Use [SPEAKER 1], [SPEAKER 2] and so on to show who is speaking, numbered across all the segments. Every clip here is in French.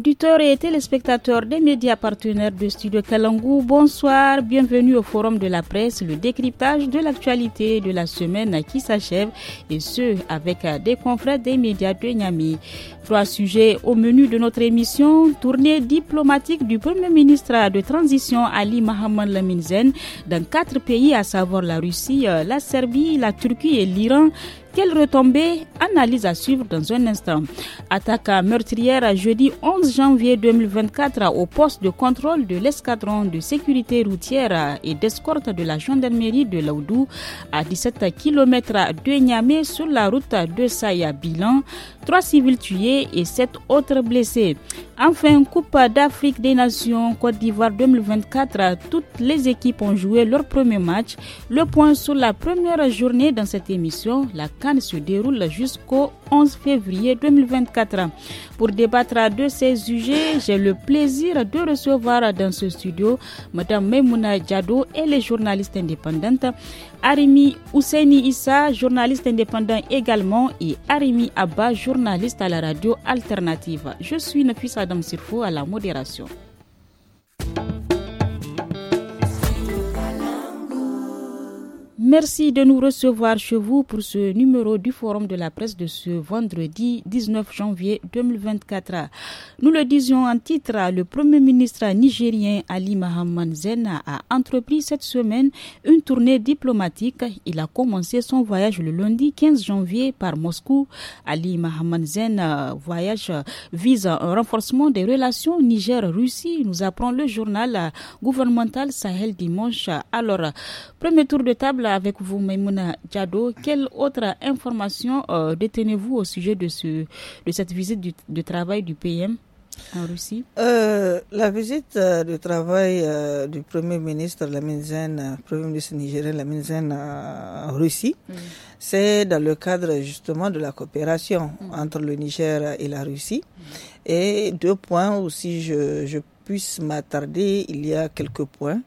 [SPEAKER 1] auditeurs et téléspectateurs des médias partenaires de Studio Kalangou, bonsoir, bienvenue au Forum de la presse, le décryptage de l'actualité de la semaine qui s'achève, et ce, avec euh, des confrères des médias de Niamey. Trois sujets au menu de notre émission, tournée diplomatique du Premier ministre de transition Ali Mohamed Laminzen dans quatre pays, à savoir la Russie, euh, la Serbie, la Turquie et l'Iran, quelle retombée Analyse à suivre dans un instant. Attaque meurtrière à jeudi 11 janvier 2024 au poste de contrôle de l'escadron de sécurité routière et d'escorte de la gendarmerie de Laoudou à 17 km de Niamey sur la route de Saya-Bilan trois civils tués et sept autres blessés. Enfin, Coupe d'Afrique des Nations Côte d'Ivoire 2024, toutes les équipes ont joué leur premier match. Le point sur la première journée dans cette émission, la Cannes se déroule jusqu'au 11 février 2024. Pour débattre de ces sujets, j'ai le plaisir de recevoir dans ce studio Madame Memouna Diado et les journalistes indépendantes. Arimi Ousseini Issa, journaliste indépendant également, et Arimi Abba, journaliste à la radio alternative. Je suis Nafis Adam Sirfo à la modération. Merci de nous recevoir chez vous pour ce numéro du Forum de la presse de ce vendredi 19 janvier 2024. Nous le disions en titre, le Premier ministre nigérien Ali Mahaman Zena a entrepris cette semaine une tournée diplomatique. Il a commencé son voyage le lundi 15 janvier par Moscou. Ali Mahaman Zen euh, voyage vise un renforcement des relations Niger-Russie, nous apprend le journal gouvernemental Sahel dimanche. Alors, premier tour de table avec vous, Maimouna Diado. Quelle autre information euh, détenez-vous au sujet de, ce, de cette visite de travail du PM en Russie euh, La visite
[SPEAKER 2] euh, de travail du Premier ministre Lamine Premier ministre nigérien Lamine Zen en Russie, mm. c'est dans le cadre justement de la coopération mm. entre le Niger et la Russie. Et deux points aussi, je, je puisse m'attarder, il y a quelques points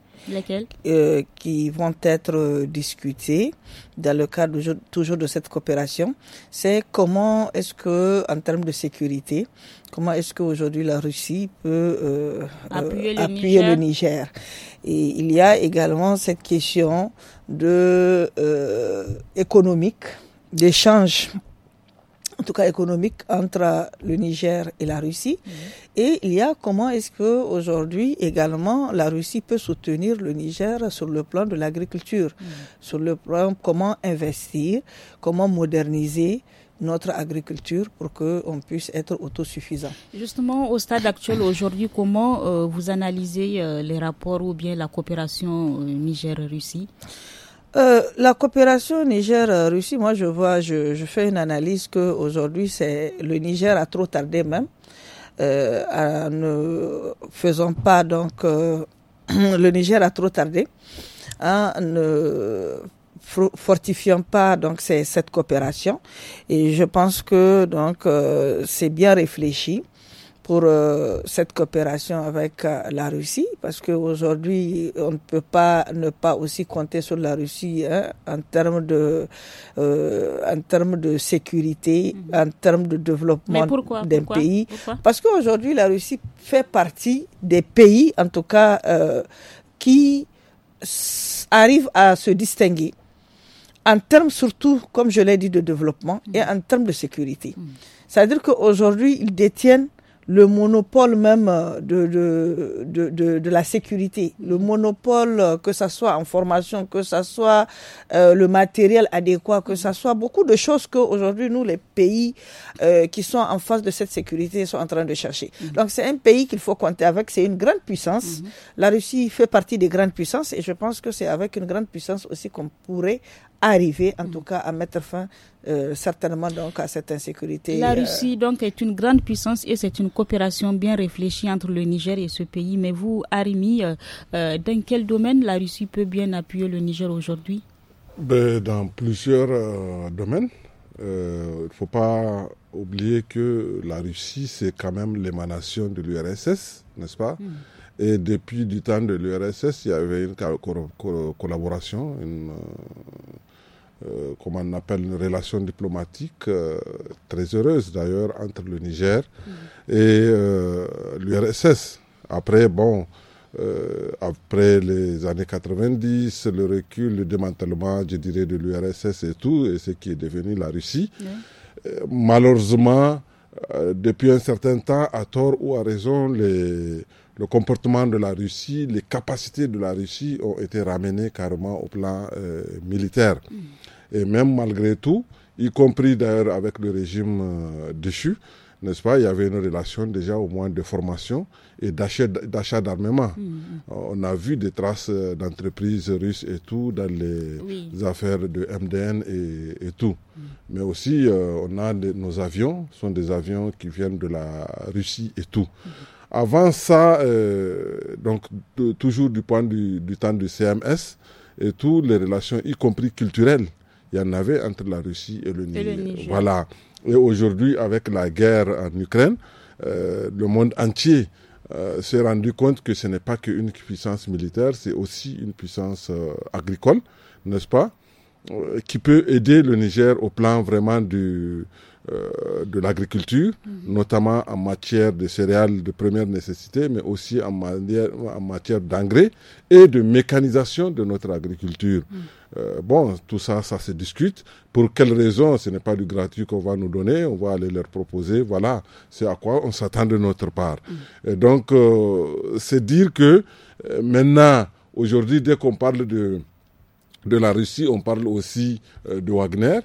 [SPEAKER 2] euh, Qui vont être euh, discutées dans le cadre toujours de cette coopération. C'est comment est-ce que, en termes de sécurité, comment est-ce qu'aujourd'hui la Russie peut euh, euh appuyer, le, Niger. Et il y a également cette question de euh, économique d'échange en tout cas économique, entre le Niger et la Russie. Et il y a comment est-ce que aujourd'hui également la Russie peut soutenir le Niger sur le plan de l'agriculture, sur le plan comment investir, comment moderniser notre agriculture pour qu'on puisse être autosuffisant.
[SPEAKER 1] Justement, au stade actuel aujourd'hui, comment euh, vous analysez euh, les rapports ou bien la coopération euh, Niger-Russie euh,
[SPEAKER 2] la coopération Niger-Russie, moi je vois, je, je fais une analyse que aujourd'hui c'est le Niger a trop tardé même euh, ne faisons pas donc euh, le Niger a trop tardé en hein, ne fortifiant pas donc cette coopération et je pense que donc c'est bien réfléchi pour euh, cette coopération avec euh, la Russie, parce qu'aujourd'hui, on ne peut pas ne pas aussi compter sur la Russie hein, en termes de, euh, en termes de sécurité, mhm. en termes de développement d'un pays. Pourquoi parce qu'aujourd'hui, la Russie fait partie des pays, en tout cas, qui arrivent à se distinguer en termes surtout, comme je l'ai dit, de développement et mhm. en termes de sécurité. Mhm. C'est-à-dire qu'aujourd'hui, ils détiennent le monopole même euh, de, de, de, de, la sécurité, le monopole euh, que ce soit en formation, que ça soit euh, le matériel adéquat, que ça soit beaucoup de choses qu'aujourd'hui, nous les pays qui sont en face de cette sécurité sont en train de chercher. Mhm. Donc c'est un pays qu'il faut compter avec, c'est une grande puissance. Mhm. La Russie fait partie des grandes puissances et je pense que c'est avec une grande puissance aussi qu'on pourrait arriver en tout mm. cas à mettre fin euh, certainement donc à cette insécurité. La euh, Russie
[SPEAKER 1] donc est une grande puissance et c'est une coopération bien réfléchie entre le Niger et ce pays. Mais vous, Arimi, euh, dans quel domaine la Russie peut bien appuyer le Niger aujourd'hui
[SPEAKER 3] ben, Dans plusieurs domaines. Il ne faut pas oublier que la Russie, c'est quand même l'émanation de l'URSS, n'est-ce pas mm. Et depuis du temps de l'URSS, il y avait une collaboration, une euh, comment on appelle, une relation diplomatique euh, très heureuse d'ailleurs entre le Niger mm. et euh, l'URSS. Après, bon, après les années 90, le recul, le démantèlement, je dirais, de l'URSS et tout, et ce qui est devenu la Russie, malheureusement, depuis un certain temps, à tort ou à raison, le comportement de la Russie, les capacités de la Russie ont été ramenées carrément au plan militaire. Mm. Et même malgré tout, y compris d'ailleurs avec le régime euh, déchu, n'est-ce pas, il y avait une relation déjà au moins de formation et d'achat d'armement. Mm, mm. Euh, on a vu des traces euh, d'entreprises russes et tout dans les affaires de MDN et, tout. Mm. Mais aussi, on a nos avions, sont des avions qui viennent de la Russie et tout. Avant ça, donc toujours du point du, du temps du CMS et tout, les relations, y compris culturelles, il y en avait entre la Russie et le, Niger. Voilà. Et aujourd'hui, avec la guerre en Ukraine, euh, le monde entier euh, s'est rendu compte que ce n'est pas qu'une puissance militaire, c'est aussi une puissance euh, agricole, n'est-ce pas, qui peut aider le Niger au plan vraiment du, euh, de l'agriculture, mhm. notamment en matière de céréales de première nécessité, mais aussi en, en matière d'engrais et de mécanisation de notre agriculture. Mhm. Euh, bon, tout ça, ça se discute. Pour quelles raisons Ce n'est pas du gratuit qu'on va nous donner, on va aller leur proposer. Voilà, c'est à quoi on s'attend de notre part. Mhm. donc, euh, c'est dire que maintenant, aujourd'hui, dès qu'on parle de de la Russie, on parle aussi de Wagner.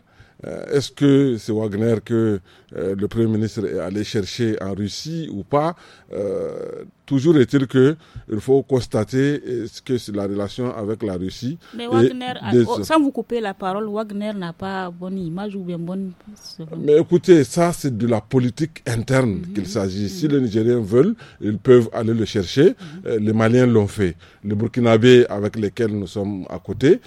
[SPEAKER 3] Euh, est-ce que c'est Wagner que euh, le Premier ministre est allé chercher en Russie ou pas. Euh, toujours est-il que il faut constater euh, ce que c'est la relation avec la Russie. Mais Wagner, oh, sans
[SPEAKER 1] vous couper la parole, Wagner n'a pas bonne image ou bien bonne. Mais
[SPEAKER 3] écoutez, ça c'est de la politique interne mhm. qu'il s'agit. Si mhm. les Nigériens veulent, ils peuvent aller le chercher. Mhm. les Maliens l'ont fait. Les Burkinabés avec lesquels nous sommes à côté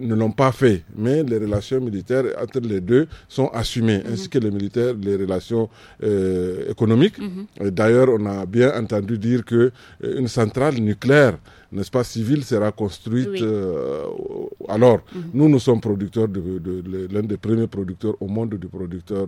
[SPEAKER 3] ne l'ont pas fait. Mais les relations militaires entre les deux sont assumées, ainsi que les militaires les relations euh, économiques. Mhm. D'ailleurs, on a bien entendu dire que euh, une centrale nucléaire, n'est-ce pas, civile sera construite. Euh, alors, mhm. nous, nous sommes producteurs de, l'un des premiers producteurs au monde du producteur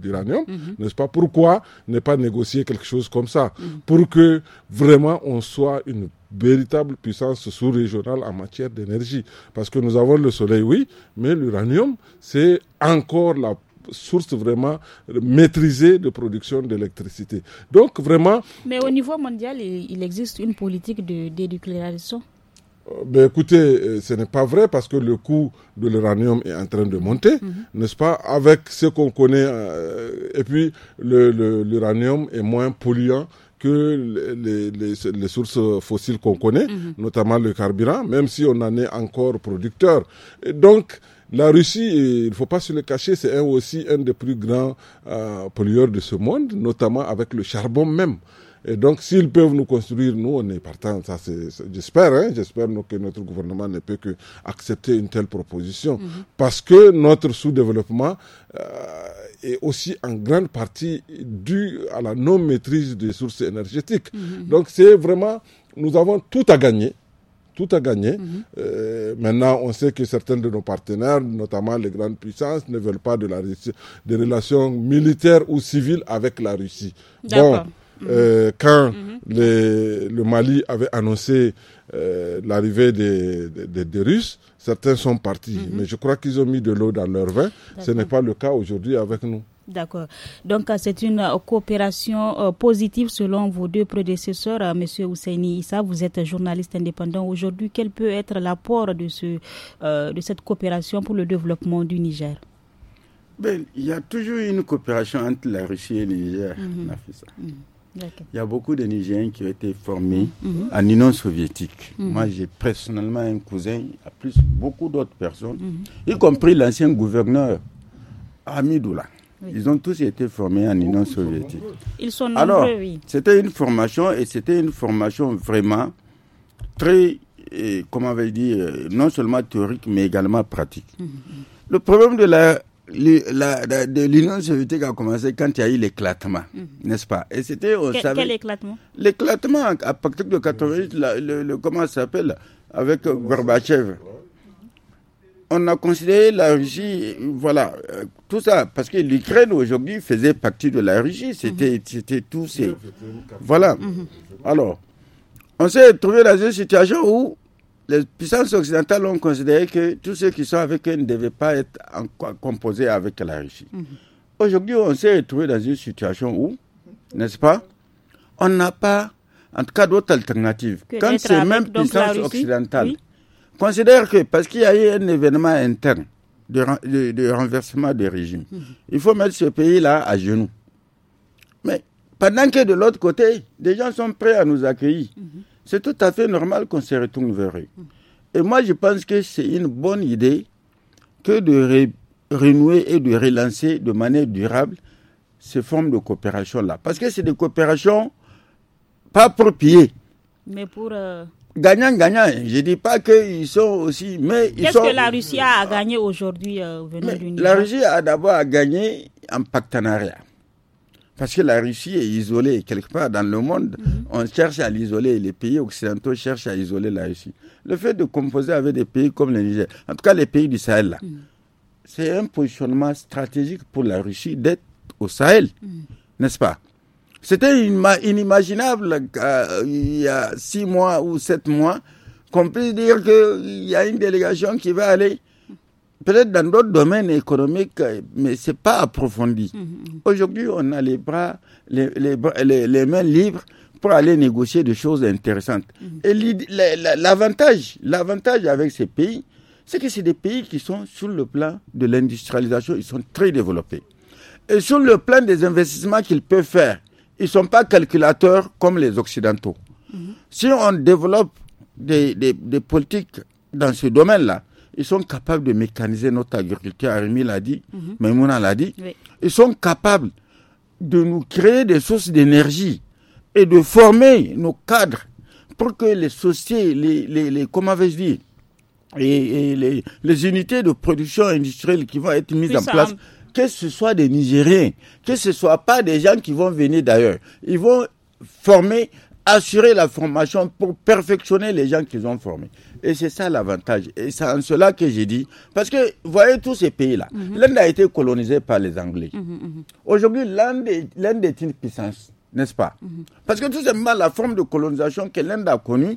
[SPEAKER 3] d'uranium, mhm. n'est-ce pas Pourquoi ne pas négocier quelque chose comme ça pour que vraiment on soit une véritable puissance sous-régionale en matière d'énergie. Parce que nous avons le soleil, oui, mais l'uranium, c'est encore la source vraiment maîtrisée de production d'électricité. Donc vraiment...
[SPEAKER 1] Mais au niveau mondial, il existe une politique de
[SPEAKER 3] euh, ben écoutez, euh, ce n'est pas vrai parce que le coût de l'uranium est en train de monter, mhm. n'est-ce pas Avec ce qu'on connaît, euh, et puis l'uranium le, est moins polluant que les, sources fossiles qu'on connaît, mhm. notamment le carburant, même si on en est encore producteur. donc, la Russie, eh, il ne faut pas se le cacher, c'est aussi un des plus grands euh, pollueurs de ce monde, notamment avec le charbon même. Et donc, s'ils peuvent nous construire, nous, on est partant. Ça, c'est, j'espère, hein. j'espère que notre gouvernement ne peut que accepter une telle proposition, mhm. parce que notre sous-développement euh, est aussi en grande partie dû à la non-maîtrise des sources énergétiques. Mhm. Donc, c'est vraiment, nous avons tout à gagner tout a gagné. Mhm. Euh, maintenant, on sait que certains de nos partenaires, notamment les grandes puissances, ne veulent pas de la des relations militaires ou civiles avec la Russie. Bon, euh, quand mhm. Mhm. le Mali avait annoncé euh, l'arrivée des, Russes, certains sont partis. Mais je crois qu'ils ont mis de l'eau dans leur vin. Ce n'est pas le cas aujourd'hui avec nous.
[SPEAKER 1] D'accord. Donc, euh, c'est une euh, coopération euh, positive selon vos deux prédécesseurs, Monsieur Ousseini Issa. Vous êtes journaliste indépendant aujourd'hui. Quel peut être l'apport de, ce, de cette coopération pour le développement du Niger
[SPEAKER 4] ben, Il y a toujours une coopération entre la Russie et le Niger. Mhm. Mhm. Il y a beaucoup de Nigériens qui ont été formés mhm. en Union soviétique. Moi, j'ai personnellement un cousin, à plus beaucoup d'autres personnes, y compris l'ancien gouverneur Amidoula. Ils ont tous été formés en Union soviétique.
[SPEAKER 1] Ils sont nombreux, Alors,
[SPEAKER 4] C'était une formation et c'était une formation vraiment très, euh, comment on va dire, euh, non seulement théorique mais également pratique. Mhm, mhm. Le problème de la de l'Union soviétique a commencé quand il y a eu l'éclatement, mhm. n'est-ce pas Et c'était, on Quel éclatement L'éclatement, à partir de 88, le, comment ça s'appelle Avec Gorbachev on a considéré la Russie, voilà, euh, tout ça, parce que l'Ukraine aujourd'hui faisait partie de la Russie, c'était mhm. tout ces... Voilà. Mhm. Alors, on s'est trouvé dans une situation où les puissances occidentales ont considéré que tous ceux qui sont avec eux ne devaient pas être composés avec la Russie. Mhm. Aujourd'hui, on s'est retrouvé dans une situation où, n'est-ce pas, on n'a pas, en tout cas, d'autres alternatives. Quand ces mêmes puissances occidentales considère que parce qu'il y a eu un événement interne de, renversement de régime, il faut mettre ce pays-là à genoux. Mais pendant que de l'autre côté, des gens sont prêts à nous accueillir. C'est tout à fait normal qu'on se retourne vers eux. Et moi, je pense que c'est une bonne idée que de renouer et de relancer de manière durable ces formes de coopération-là. Parce que c'est des coopérations pas pour
[SPEAKER 1] Mais pour... Euh,
[SPEAKER 4] gagnant-gagnant. Je ne dis pas qu'ils sont aussi. Mais ils Qu'est-ce que la
[SPEAKER 1] Russie a gagné aujourd'hui l'Union euh, La Russie
[SPEAKER 4] a d'abord à gagner en partenariat. Parce que la Russie est isolée quelque part dans le monde. Mhm. On cherche à l'isoler. Les pays occidentaux cherchent à isoler la Russie. Le fait de composer avec des pays comme le Niger, en tout cas les pays du Sahel, mhm. c'est un positionnement stratégique pour la Russie d'être au Sahel. Mhm. N'est-ce pas c'était inimaginable euh, il y a six mois ou sept mois qu'on puisse dire qu'il y a une délégation qui va aller peut-être dans d'autres domaines économiques, mais ce n'est pas approfondi. Hum, hum, hum. Aujourd'hui, on a les bras, les, mains libres pour aller négocier des choses intéressantes. Et l'avantage, l'avantage avec ces pays, c'est que c'est des pays qui sont sur le plan de l'industrialisation, ils sont très développés. Et sur le plan des investissements qu'ils peuvent faire, ils ne sont pas calculateurs comme les Occidentaux. Mhm. Si on développe des, politiques dans ce domaine-là, ils sont capables de mécaniser notre agriculture, Arimi l'a dit, mais mhm. Maimouna l'a dit. Ils sont capables de nous créer des sources d'énergie et de former nos cadres pour que les sociétés, les, les, les comment vais-je dire, et, les, unités de production industrielle qui vont être mises en place que ce soit des Nigériens, que ce ne soit pas des gens qui vont venir d'ailleurs. Ils vont former, assurer la formation pour perfectionner les gens qu'ils ont formés. Et c'est ça l'avantage. Et c'est en cela que j'ai dit. Parce que, voyez tous ces pays-là. Mhm. L'Inde a été colonisée par les Anglais. Mhm, mhm, Aujourd'hui, l'Inde est une puissance, n'est-ce pas Parce que tout simplement, la forme de colonisation que l'Inde a connue,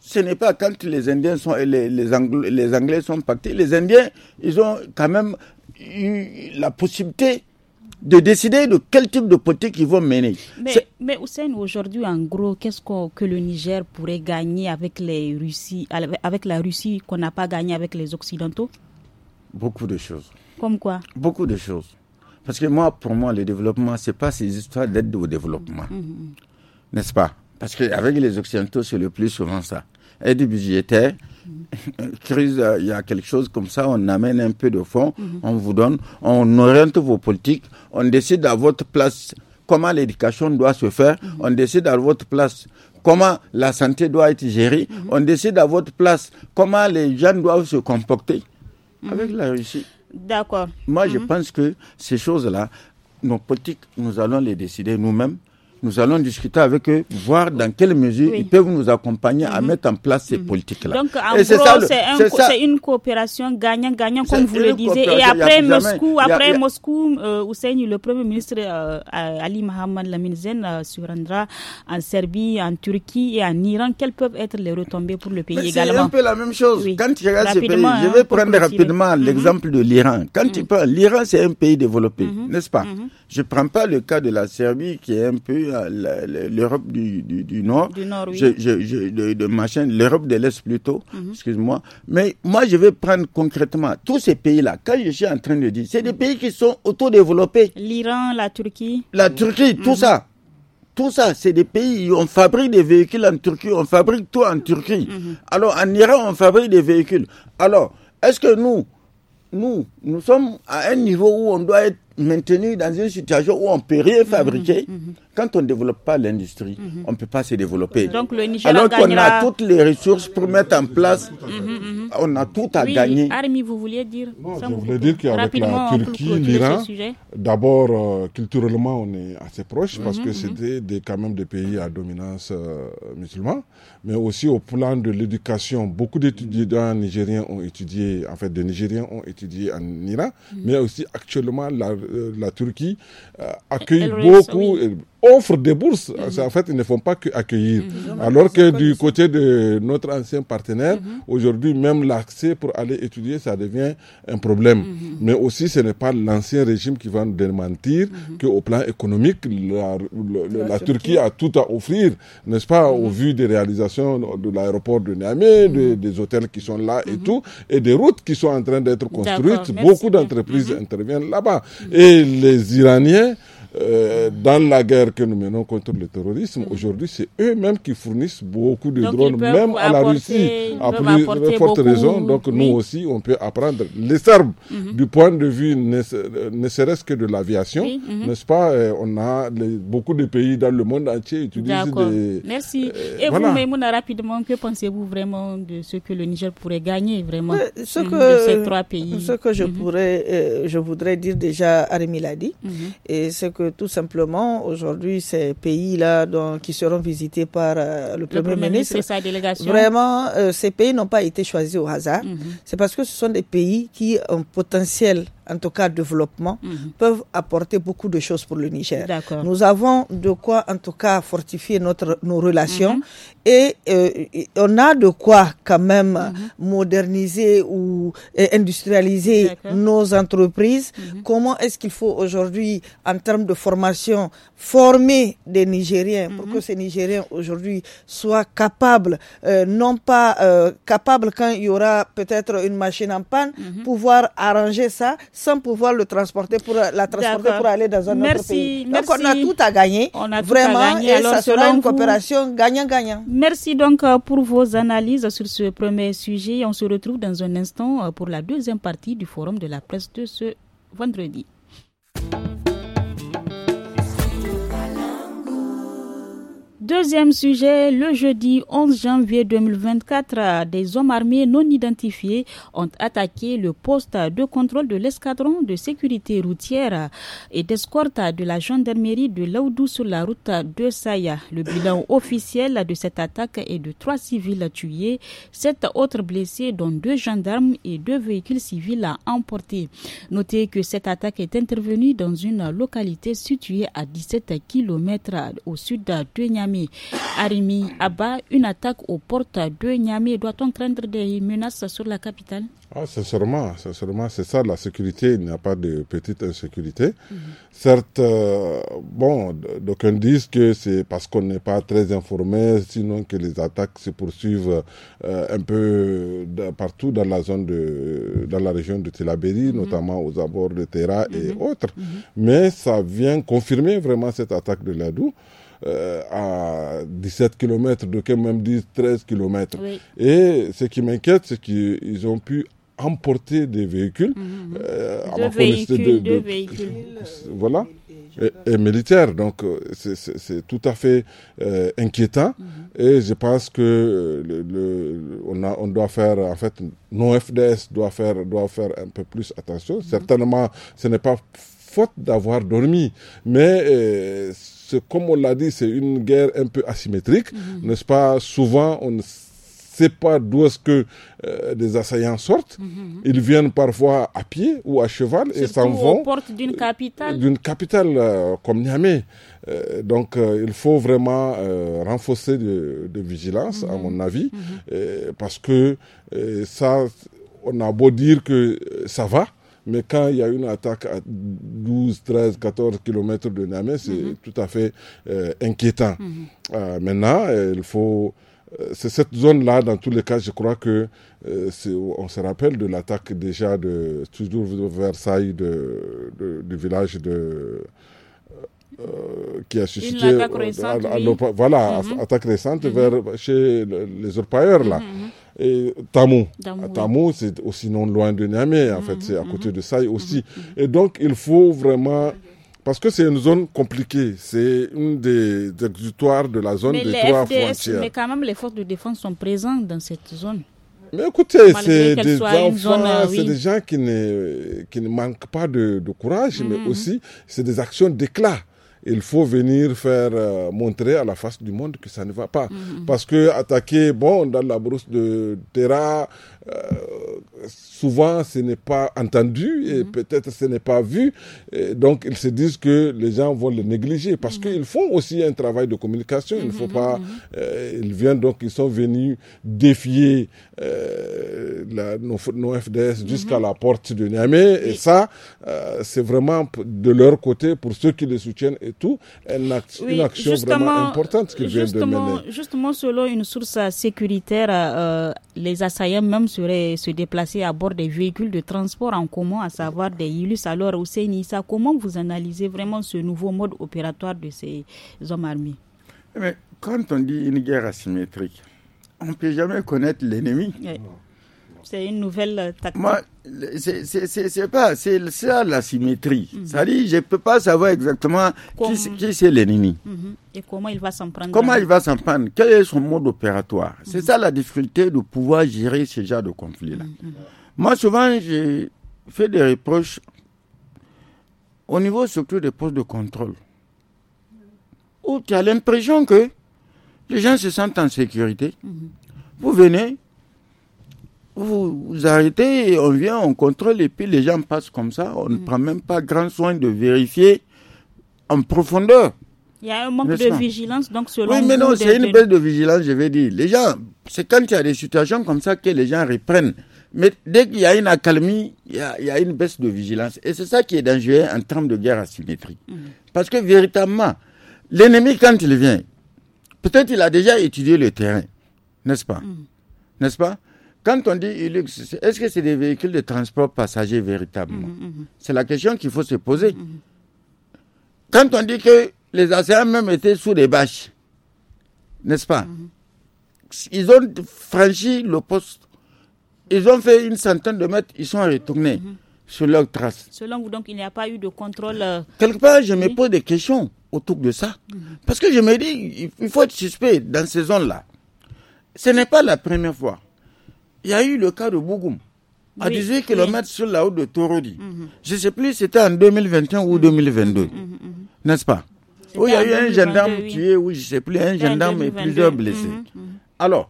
[SPEAKER 4] ce n'est pas quand les Indiens sont les, Anglais, les Anglais sont pactés. Les Indiens, ils ont quand même eu la possibilité de décider de quel type de politique ils vont mener.
[SPEAKER 1] Mais, mais aujourd'hui, en gros, qu'est-ce que le Niger pourrait gagner avec, les avec la Russie qu'on n'a pas gagné avec les Occidentaux
[SPEAKER 4] Beaucoup de choses. Comme quoi Beaucoup de choses. Parce que moi, pour moi, le développement, ce n'est pas ces histoires d'aide au développement. Mm-hmm. N'est-ce pas Parce qu'avec les Occidentaux, c'est le plus souvent ça. Aide budgétaire, crise, euh, euh, il y a quelque chose comme ça, on amène un peu de fonds, mhm. on vous donne, on oriente vos politiques, on décide à votre place comment l'éducation doit se faire, mhm. on décide à votre place comment la santé doit être gérée, mhm. on décide à votre place comment les jeunes doivent se comporter avec la Russie. D'accord. Moi, je pense que ces choses-là, nos politiques, nous allons les décider nous-mêmes nous allons discuter avec eux, voir dans quelle mesure ils peuvent nous accompagner à mhm. mettre en place ces mhm. politiques-là. Donc, en gros, c'est
[SPEAKER 1] une coopération gagnant-gagnant, comme vous le disiez. Et après Moscou, après Moscou, Hussein, euh, le Premier ministre euh, Ali Mohamed Laminzen euh, se rendra en Serbie, en Turquie et en Iran. Quelles peuvent être les retombées pour le pays également C'est un peu la même chose. je je hein, vais prendre
[SPEAKER 4] rapidement mhm. l'exemple de l'Iran. Quand tu parles, l'Iran, c'est un pays développé, n'est-ce pas Je ne prends pas le cas de la Serbie, qui est un peu l'Europe du, Nord, du Nord oui. l'Europe de l'Est plutôt, mhm. excuse-moi. Mais moi, je vais prendre concrètement tous ces pays-là. Quand je suis en train de dire, c'est des pays qui sont autodéveloppés.
[SPEAKER 1] L'Iran, la
[SPEAKER 4] Turquie. La Turquie, tout mhm. ça. Tout ça, c'est des pays on fabrique des véhicules en Turquie, on fabrique tout en Turquie. Mhm. Alors, en Iran, on fabrique des véhicules. Alors, est-ce que nous, nous, nous sommes à un niveau où on doit être maintenu dans une situation où on ne peut rien fabriquer quand on ne développe pas l'industrie, mhm. on ne peut pas se développer. Donc Alors qu'on a toutes les ressources pour mettre en place,
[SPEAKER 1] mhm, mhm.
[SPEAKER 4] on a tout à gagner.
[SPEAKER 1] Armi, vous vouliez dire Je voulais dire qu'avec la Turquie, l'Iran,
[SPEAKER 3] d'abord, euh, culturellement, on est assez proche parce que c'était quand même des pays à dominance euh, musulmane, mais aussi au plan de l'éducation. Beaucoup d'étudiants nigériens ont étudié, en fait, des Nigériens ont étudié en Iran, mais aussi actuellement, la, euh, Turquie accueille beaucoup offrent des bourses. Mhm. En fait, ils ne font pas que accueillir. Mhm. Alors que du côté de notre ancien partenaire, mhm. aujourd'hui, même l'accès pour aller étudier, ça devient un problème. Mais aussi, ce n'est pas l'ancien régime qui va nous démentir qu'au plan économique, la, Turquie a tout à offrir, n'est-ce pas, au vu des réalisations de l'aéroport de Niamey, des hôtels qui sont là et tout, et des routes qui sont en train d'être construites. Beaucoup d'entreprises interviennent là-bas. Et les Iraniens euh, dans la guerre que nous menons contre le terrorisme, mhm. aujourd'hui, c'est eux-mêmes qui fournissent beaucoup de drones, même à la Russie, à plus forte raison. Donc, nous aussi, on peut apprendre les Serbes mhm. du point de vue ne, serait-ce que de l'aviation, mhm. n'est-ce pas euh, On a beaucoup de pays dans le monde entier utilisent des.
[SPEAKER 1] Merci. Euh, et vous, Maimouna, rapidement, que pensez-vous vraiment de ce que le Niger pourrait gagner vraiment de ces trois pays Ce que je,
[SPEAKER 2] pourrais, je voudrais dire déjà, à l'a dit, et ce que tout simplement, aujourd'hui, ces pays-là qui seront visités par euh, le, Premier ministre, sa
[SPEAKER 1] délégation. vraiment,
[SPEAKER 2] euh, ces pays n'ont pas été choisis au hasard. Mm-hmm. C'est parce que ce sont des pays qui ont potentiel en tout cas développement, mhm. peuvent apporter beaucoup de choses pour le Niger. Nous avons de quoi, en tout cas, fortifier notre, nos relations mhm. euh, et, on a de quoi quand même mhm. moderniser ou euh, industrialiser nos entreprises. Comment est-ce qu'il faut aujourd'hui, en termes de formation, former des Nigériens pour que ces Nigériens aujourd'hui soient capables, euh, non pas capables quand il y aura peut-être une machine en panne, pouvoir arranger ça sans pouvoir le transporter pour la transporter pour aller dans un autre pays. Donc on a tout à gagner. vraiment et ça sera une coopération
[SPEAKER 1] gagnant-gagnant. Merci donc euh, pour vos analyses sur ce premier sujet. On se retrouve dans un instant euh, pour la deuxième partie du forum de la presse de ce vendredi. Deuxième sujet, le jeudi 11 janvier 2024, des hommes armés non identifiés ont attaqué le poste de contrôle de l'escadron de sécurité routière et d'escorte de la gendarmerie de Laoudou sur la route de Saya. Le bilan officiel de cette attaque est de trois civils tués, sept autres blessés, dont deux gendarmes et deux véhicules civils emportés. Notez que cette attaque est intervenue dans une localité située à 17 km au sud de Niamey. Arimi Abba, une attaque aux portes de Niamey. Doit-on craindre des menaces sur la capitale
[SPEAKER 3] ah, c'est sûrement, c'est c'est ça la sécurité. Il n'y a pas de petite insécurité. Certes, bon, euh, bon, d'aucuns disent que c'est parce qu'on n'est pas très informé, sinon que les attaques se poursuivent euh, un peu partout dans la zone de, dans la région de Tilaberi, mhm. notamment aux abords de Terra et mhm. autres. Mhm. Mais ça vient confirmer vraiment cette attaque de l'Adou. Euh, à 17 km, donc même disent 13 km. Et ce qui m'inquiète, c'est qu'ils ont pu emporter des véhicules, mhm, mhm. Euh, véhicules, de, véhicules. Euh, voilà. Et, militaires. militaire. Donc, c'est tout à fait inquiétant. Mhm. Et je pense que le, on, on doit faire, en fait, nos FDS doivent faire, doit faire un peu plus attention. Certainement, ce n'est pas faute d'avoir dormi, mais comme on l'a dit, c'est une guerre un peu asymétrique, mhm. n'est-ce pas Souvent, on ne sait pas d'où est-ce que euh, des assaillants sortent. Mhm. Ils viennent parfois à pied ou à cheval et s'en vont.
[SPEAKER 1] d'une capitale.
[SPEAKER 3] D'une capitale euh, comme Niamey. Euh, donc, il faut vraiment renforcer de, vigilance, à mhm. mon avis, parce que ça, on a beau dire que ça va, mais quand il y a une attaque à 12, 13, 14 km de Namé, c'est mhm. tout à fait euh, inquiétant. Mhm. Euh, maintenant, euh, il faut. C'est cette zone-là, dans tous les cas, je crois que on se rappelle de l'attaque déjà de toujours Versailles, du village de qui a suscité une attaque récente, voilà mhm. attaque récente chez les orpailleurs là et Tamou. Ah, Tamou, c'est aussi non loin de Niamey, en mm, fait, c'est à mm, côté mm. de ça aussi. Et donc, il faut vraiment parce que c'est une zone compliquée. C'est une des exutoires de la zone des trois frontières. Mais
[SPEAKER 1] quand même, les forces de défense sont présentes dans cette zone. Mais écoutez, c'est des euh, des
[SPEAKER 3] gens qui ne, qui ne manquent pas de, courage, mais aussi c'est des actions d'éclat il faut venir faire euh, montrer à la face du monde que ça ne va pas. Mhm. Parce que attaquer, bon, dans la brousse de Terra, euh, souvent ce n'est pas entendu et mhm. peut-être ce n'est pas vu. donc ils se disent que les gens vont le négliger parce mhm. qu'ils font aussi un travail de communication. Il ne faut mhm, pas. Euh, ils viennent donc, ils sont venus défier euh, nos, FDS jusqu'à la porte de Niamey et ça, c'est vraiment de leur côté pour ceux qui les soutiennent et tout, une, action, une action vraiment importante qu'ils viennent de mener.
[SPEAKER 1] Justement, selon une source sécuritaire, les assaillants même se déplacer à bord des véhicules de transport en commun, à savoir des ILUS. Alors, Hussein Issa, comment vous analysez vraiment ce nouveau mode opératoire de ces hommes armés
[SPEAKER 4] eh Quand on dit une guerre asymétrique, on ne peut jamais connaître l'ennemi.
[SPEAKER 1] C'est une nouvelle euh, tactique. Moi,
[SPEAKER 4] c'est pas, c'est ça la symétrie. Mm Ça dit, je peux pas savoir exactement qui, qui c'est l'ennemi. Mhm.
[SPEAKER 1] Et comment il va s'en prendre. Comment il va
[SPEAKER 4] s'en prendre Quel est son mode opératoire C'est mhm. ça la difficulté de pouvoir gérer ce genre de conflit-là. Mhm, Moi, souvent, j'ai fait des reproches au niveau surtout des postes de contrôle. Où tu as l'impression que les gens se sentent en sécurité. Vous venez, vous, arrêtez, on vient, on contrôle, et puis les gens passent comme ça. On ne mm. prend même pas grand soin de vérifier en profondeur.
[SPEAKER 1] Il y a un manque de vigilance, donc selon Oui, mais non, c'est une baisse
[SPEAKER 4] de vigilance, je vais dire. Les gens, c'est quand il y a des situations comme ça que les gens reprennent. Mais dès qu'il y a une accalmie, il y a, une baisse de vigilance. Et c'est ça qui est dangereux en termes de guerre asymétrique. Mm. Parce que véritablement, l'ennemi, quand il vient, peut-être il a déjà étudié le terrain, n'est-ce pas mm. N'est-ce pas quand on dit ILUX, est-ce que c'est des véhicules de transport passager véritablement mhm, mhm, mhm. C'est la question qu'il faut se poser. Quand on dit que les ACA même étaient sous des bâches, n'est-ce pas Ils ont franchi le poste. Ils ont fait une centaine de mètres, ils sont retournés sur leur trace.
[SPEAKER 1] Selon vous, donc, il n'y a pas eu de contrôle euh,
[SPEAKER 4] Quelque part, je me pose des questions autour de ça. Parce que je me dis, il faut être suspect dans ces zones-là. Ce n'est pas la première fois. Il y a eu le cas de Bougoum, à 18 km sur la route de Torodi. Mhm. Je ne sais plus c'était en 2021 ou 2022, mhm. mhm, n'est-ce pas Où il y a eu un gendarme tué, oui, je ne sais plus, un gendarme et plusieurs blessés. Alors,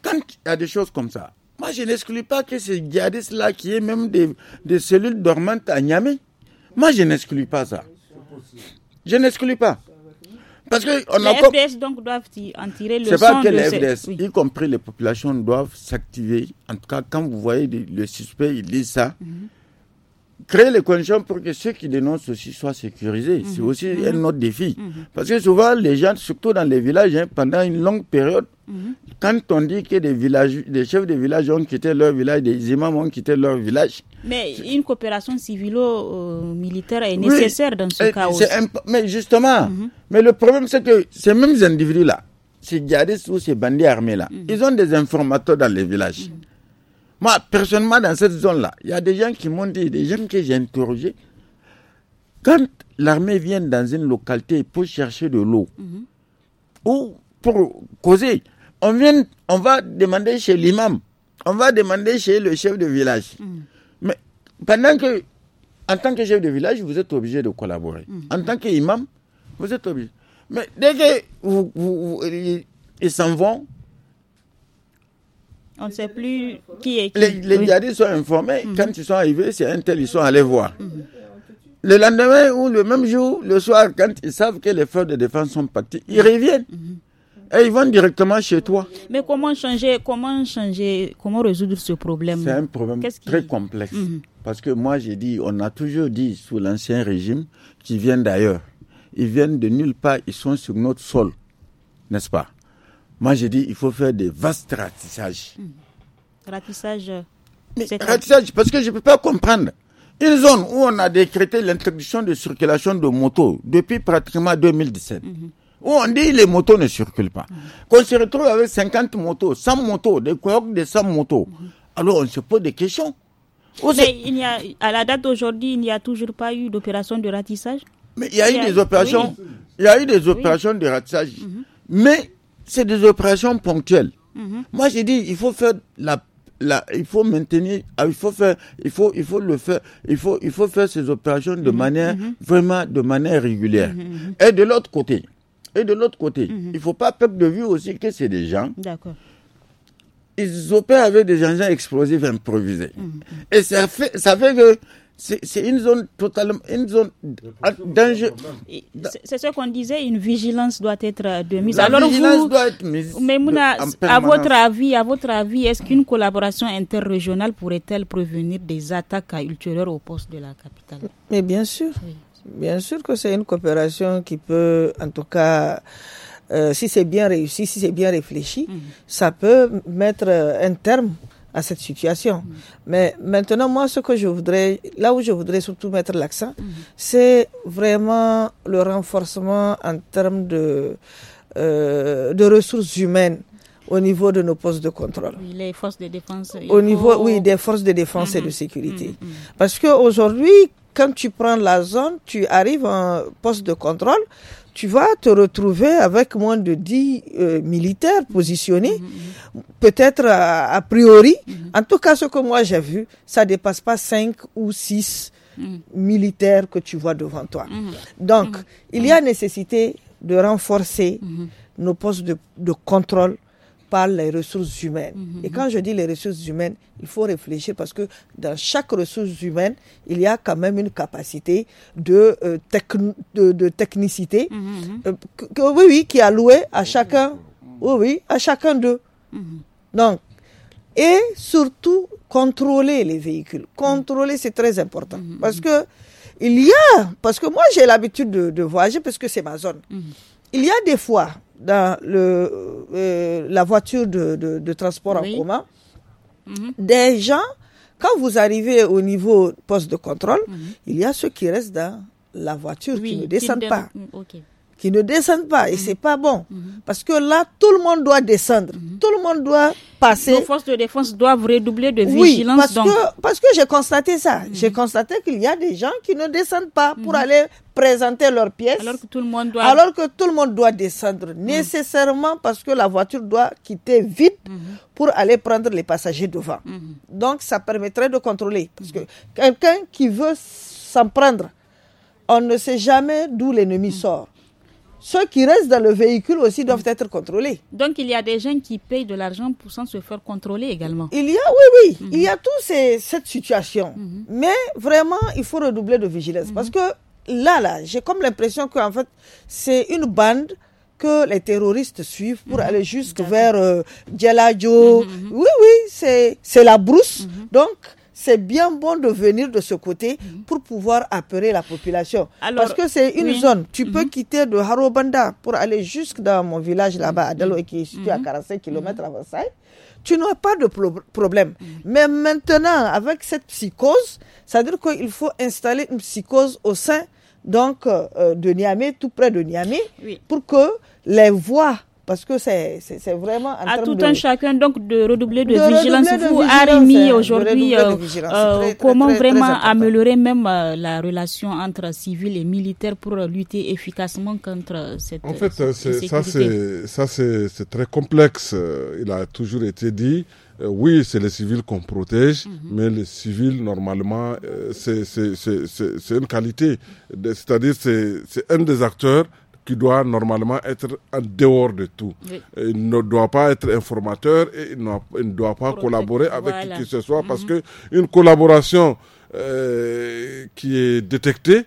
[SPEAKER 4] quand il y a des choses comme ça, moi je n'exclus pas que ces djihadistes-là qui aient même des, cellules dormantes à Niamey. Moi je n'exclus pas ça. Je n'exclus pas.
[SPEAKER 1] Parce les FDS donc doivent en tirer le C'est pas que les
[SPEAKER 4] FDS, y compris les populations, doivent s'activer. En tout cas, quand vous voyez le suspect, il dit ça. Mhm créer les conditions pour que ceux qui dénoncent aussi soient sécurisés. Mhm. C'est aussi mhm. un autre défi. Mhm. Parce que souvent, les gens, surtout dans les villages, hein, pendant une longue période, quand on dit que des, villages, des chefs de village ont quitté leur village, des imams ont quitté leur village.
[SPEAKER 1] Mais une coopération civilo-militaire est nécessaire dans ce cas
[SPEAKER 4] Mais justement, mais le problème, c'est que ces mêmes individus-là, ces djihadistes ou ces bandits armés-là, ils ont des informateurs dans les villages. Moi, personnellement, dans cette zone-là, il y a des gens qui m'ont dit, des gens que j'ai interrogés, quand l'armée vient dans une localité pour chercher de l'eau, mhm. ou pour causer, on vient, on va demander chez l'imam, on va demander chez le chef de village. Mhm. Mais pendant que, en tant que chef de village, vous êtes obligé de collaborer. Mhm. En tant qu'imam, vous êtes obligé. Mais dès que vous s'en vont,
[SPEAKER 1] on ne sait plus qui est qui. Les, les
[SPEAKER 4] sont informés. Mhm. Quand ils sont arrivés, c'est un tel, ils sont allés voir. Mhm. Le lendemain ou le même jour, le soir, quand ils savent que les forces de défense sont partis, ils mhm. reviennent. Et ils vont directement chez toi.
[SPEAKER 1] Mais comment changer, comment changer, comment résoudre ce problème C'est un
[SPEAKER 4] problème très complexe. Parce que moi, j'ai dit, on a toujours dit sous l'ancien régime qu'ils viennent d'ailleurs. Ils viennent de nulle part, ils sont sur notre sol. N'est-ce pas moi, j'ai dit, il faut faire des vastes ratissages.
[SPEAKER 1] Ratissage
[SPEAKER 4] hmm. ratissage, parce que je ne peux pas comprendre. Une zone où on a décrété l'introduction de circulation de motos depuis pratiquement 2017. Hmm. Où on dit les motos ne circulent pas. Hmm. Qu'on se retrouve avec 50 motos, 100 motos, des cohortes de 100 motos. Alors on se pose des questions.
[SPEAKER 1] Mais il a, à la date d'aujourd'hui, il n'y a toujours pas eu d'opération de ratissage
[SPEAKER 4] Mais il y a eu des opérations, il y a eu des opérations de ratissage. Mais c'est des opérations ponctuelles. Mhm. Moi, j'ai dit, il faut faire la, la, il faut maintenir, ah, il faut faire, il faut, il faut le faire, il faut, il faut faire ces opérations de mhm. manière, mhm. vraiment de manière régulière. Et de l'autre côté, et de l'autre côté, il faut pas perdre de vue aussi que c'est des gens. D'accord. Ils opèrent avec des engins explosifs improvisés. Et ça fait, ça fait que c'est une zone totalement, dangereuse.
[SPEAKER 1] C'est ce qu'on disait, une vigilance doit être euh, de mise. La Alors vigilance doit être mise. Mais Mouna, à votre avis, à votre avis, est-ce qu'une collaboration interrégionale pourrait-elle prévenir des attaques à ultérieurs au poste de la capitale
[SPEAKER 2] Mais bien sûr, bien sûr que c'est une coopération qui peut, en tout cas. Euh, si c'est bien réussi, si c'est bien réfléchi, mhm. ça peut mettre euh, un terme à cette situation. Mais maintenant, moi, ce que je voudrais, là où je voudrais surtout mettre l'accent, c'est vraiment le renforcement en termes de, euh, de ressources humaines au niveau de nos postes de contrôle. Oui,
[SPEAKER 1] les forces de défense. Au niveau, oui,
[SPEAKER 2] des forces de défense et de mhm. sécurité. Mhm. Parce que aujourd'hui, quand tu prends la zone, tu arrives à un poste de contrôle, tu vas te retrouver avec moins de 10 euh, militaires positionnés, mm, mm, mm. peut-être a, priori. En tout cas, ce que moi j'ai vu, ça dépasse pas cinq ou six militaires que tu vois devant toi. Donc, il y a nécessité de renforcer nos postes de contrôle par les ressources humaines. Mm-hmm. Et quand je dis les ressources humaines, il faut réfléchir parce que dans chaque ressource humaine, il y a quand même une capacité de, euh, de, technicité mm-hmm, mm-hmm. Euh, oui, oui, qui est allouée à chacun, oui, oui, à chacun d'eux. Donc, et surtout, contrôler les véhicules. Contrôler, c'est très important parce que il y a, parce que moi j'ai l'habitude de, de, voyager parce que c'est ma zone. Il y a des fois, dans le, euh, la voiture de, transport en commun, mhm. des gens, quand vous arrivez au niveau poste de contrôle, mhm. il y a ceux qui restent dans la voiture qui ne descendent pas qui ne descendent pas. Et c'est pas bon. Mhm. Parce que là, tout le monde doit descendre. Mhm. Tout le monde doit
[SPEAKER 1] passer. Nos forces de défense doivent redoubler de vigilance. parce, Que,
[SPEAKER 2] parce que j'ai constaté ça. Mhm. J'ai constaté qu'il y a des gens qui ne descendent pas pour aller présenter leurs pièces. Alors que tout le monde doit. que tout le monde doit descendre nécessairement parce que la voiture doit quitter vite pour aller prendre les passagers devant. Donc ça permettrait de contrôler parce que quelqu'un qui veut s'en prendre, on ne sait jamais d'où l'ennemi sort ceux qui restent dans le véhicule aussi doivent être contrôlés.
[SPEAKER 1] Donc il y a des gens qui payent de l'argent pour sans se faire contrôler également.
[SPEAKER 2] Il y a, oui, oui, mhm. il y a toute cette situation. Mhm. Mais vraiment, il faut redoubler de vigilance. Mhm. Parce que là, là, j'ai comme l'impression qu'en fait, c'est une bande que les terroristes suivent pour aller jusque vers euh, Oui, oui, c'est la brousse. Donc, c'est bien bon de venir de ce côté mhm. pour pouvoir appeler la population. Parce que c'est une zone. Tu mhm. peux quitter de Harobanda pour aller jusque dans mon village là-bas, à mhm. qui est situé à 45 km à Versailles. Tu n'auras pas de problème. Mais maintenant, avec cette psychose, c'est-à-dire qu'il faut installer une psychose au sein donc, euh, de Niamey, tout près de Niamey, pour que les voies parce que c'est vraiment... En à tout un
[SPEAKER 1] chacun, donc, de redoubler de, vigilance. vous, hein. aujourd'hui, euh, euh comment vraiment améliorer même euh, la relation entre civils et militaires pour lutter efficacement contre cette... En fait, ça,
[SPEAKER 3] c'est très complexe. Euh, il a toujours été dit oui, c'est les civils qu'on protège, mhm. mais les civils, normalement, c'est une qualité. C'est-à-dire, c'est un des acteurs qui doit normalement être en dehors de tout. Il ne doit pas être informateur et il ne doit pas collaborer avec qui que ce soit parce mhm. que une collaboration euh, qui est détectée,